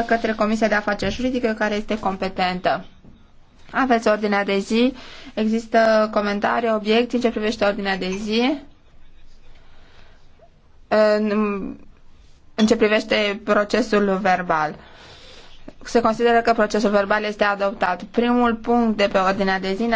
către Comisia de Afaceri Juridice care este competentă. Aveți ordinea de zi, există comentarii, obiecții în ce privește ordinea de zi, în ce privește procesul verbal. Se consideră că procesul verbal este adoptat. Primul punct de pe ordinea de zi